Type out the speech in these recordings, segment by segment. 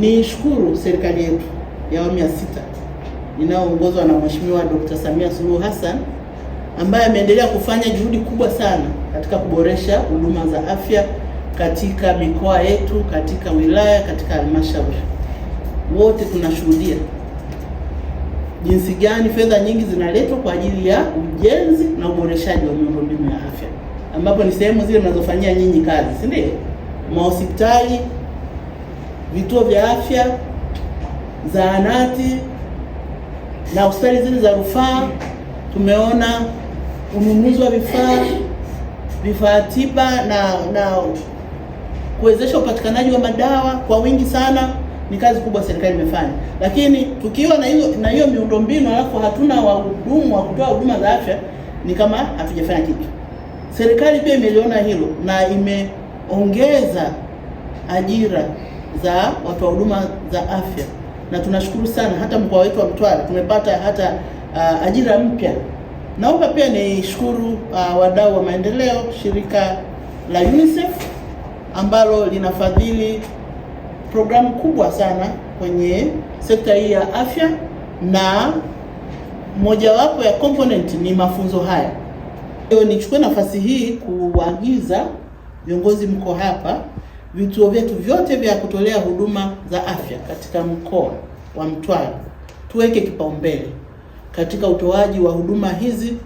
ni shukuru serikali yetu ya awamu ya sita inayoongozwa na Mheshimiwa Dr. Samia Suluhu Hassan ambaye ameendelea kufanya juhudi kubwa sana katika kuboresha huduma za afya katika mikoa yetu, katika wilaya, katika halmashauri. Wote tunashuhudia jinsi gani fedha nyingi zinaletwa kwa ajili ya ujenzi na uboreshaji wa miundombinu ya afya, ambapo ni sehemu zile mnazofanyia nyinyi kazi, si ndio? Mahospitali vituo vya afya, zahanati na hospitali zile za rufaa. Tumeona ununuzi wa vifaa vifaa tiba na na kuwezesha upatikanaji wa madawa kwa wingi sana. Ni kazi kubwa serikali imefanya, lakini tukiwa na hiyo na hiyo miundombinu alafu hatuna wahudumu wa kutoa huduma za afya, ni kama hatujafanya kitu. Serikali pia imeliona hilo na imeongeza ajira za watoa huduma za afya, na tunashukuru sana hata mkoa wetu wa Mtwara tumepata hata uh, ajira mpya. Naomba pia nishukuru uh, wadau wa maendeleo, shirika la UNICEF ambalo linafadhili programu kubwa sana kwenye sekta hii ya afya, na mojawapo ya component ni mafunzo haya. Nichukue nafasi hii kuagiza viongozi mko hapa vituo vyetu vyote vya kutolea huduma za afya katika mkoa wa Mtwara tuweke kipaumbele katika utoaji wa huduma hizi,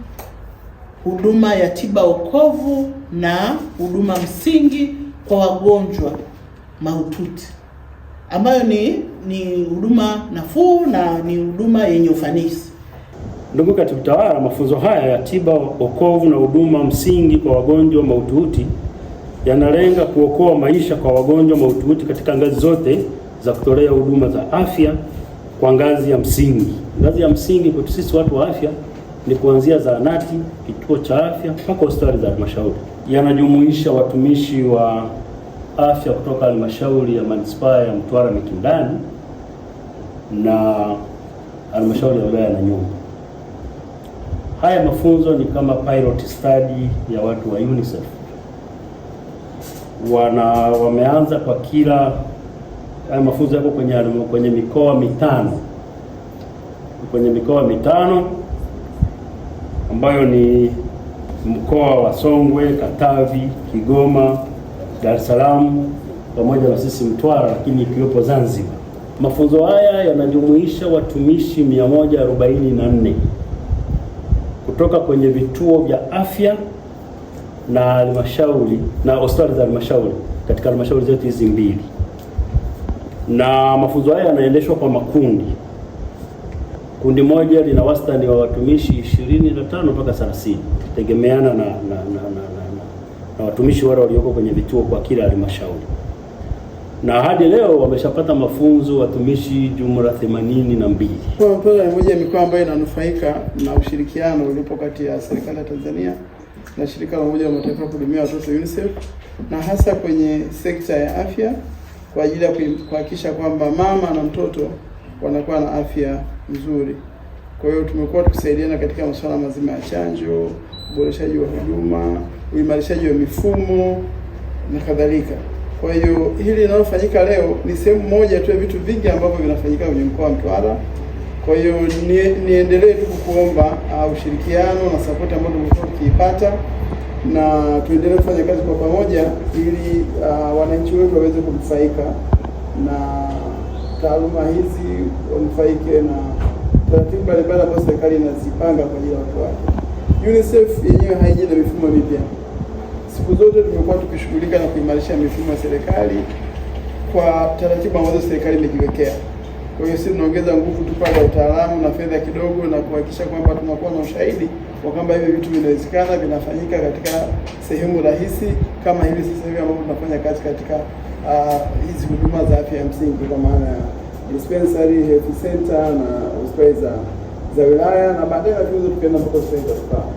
huduma ya tiba okovu na huduma msingi kwa wagonjwa mahututi ambayo ni ni huduma nafuu na ni huduma yenye ufanisi. Ndugu Katibu Tawala, mafunzo haya ya tiba okovu na huduma msingi kwa wagonjwa mahututi yanalenga kuokoa maisha kwa wagonjwa mahututi katika ngazi zote za kutolea huduma za afya kwa ngazi ya msingi. Ngazi ya msingi kwetu sisi watu wa afya ni kuanzia zahanati, kituo cha afya mpaka hospitali za halmashauri. Yanajumuisha watumishi wa afya kutoka halmashauri ya manispaa ya Mtwara Mikindani na halmashauri ya wilaya ya Nanyumbu. Haya mafunzo ni kama pilot study ya watu wa UNICEF wana wameanza kwa kila haya mafunzo yako kwenye kwenye mikoa mitano kwenye mikoa mitano ambayo ni mkoa wa Songwe, Katavi, Kigoma, Dar es Salaam pamoja na sisi Mtwara, lakini ikiwepo Zanzibar. Mafunzo haya yanajumuisha watumishi 144 kutoka kwenye vituo vya afya na halmashauri na hospitali za halmashauri katika halmashauri zetu hizi mbili, na mafunzo haya yanaendeshwa kwa makundi. Kundi moja lina wastani wa watumishi 25 mpaka 30 tegemeana na, na, na, na, na, na watumishi wale walioko kwenye vituo kwa kila halmashauri, na hadi leo wameshapata mafunzo watumishi jumla 82. Kwa mmoja mikoa ambayo inanufaika na ushirikiano uliopo kati ya serikali ya Tanzania na shirika la Umoja wa Mataifa kuhudumia watoto UNICEF, na hasa kwenye sekta ya afya kwa ajili ya kuhakikisha kwamba mama na mtoto wanakuwa na afya nzuri. Kwa hiyo tumekuwa tukisaidiana katika masuala mazima ya chanjo, uboreshaji wa huduma, uimarishaji wa mifumo na kadhalika. Kwa hiyo hili linalofanyika leo ni sehemu moja tu ya vitu vingi ambavyo vinafanyika kwenye mkoa wa Mtwara. Kwa hiyo niendelee tu kukuomba uh, ushirikiano na sapoti ambayo tumekuwa tukiipata na tuendelee kufanya kazi kwa pamoja ili uh, wananchi wetu waweze kunufaika na taaluma hizi, wanufaike na taratibu mbalimbali ambazo serikali inazipanga kwa ajili ya watu wake. UNICEF yenyewe haiji na mifumo mipya. Siku zote tumekuwa tukishughulika na kuimarisha mifumo ya serikali kwa taratibu ambazo serikali imejiwekea. Kwa hiyo sisi tunaongeza nguvu tu pale utaalamu na fedha kidogo, na kuhakikisha kwamba tunakuwa na ushahidi kwa kwamba hivi vitu vinawezekana, vinafanyika katika sehemu rahisi kama hivi sasa hivi ambavyo tunafanya kazi katika ah, hizi uh, huduma za afya ya msingi kwa maana ya dispensary, health center na hospitali za wilaya, na baadaye tukaenda mpaka hospitali za rufaa.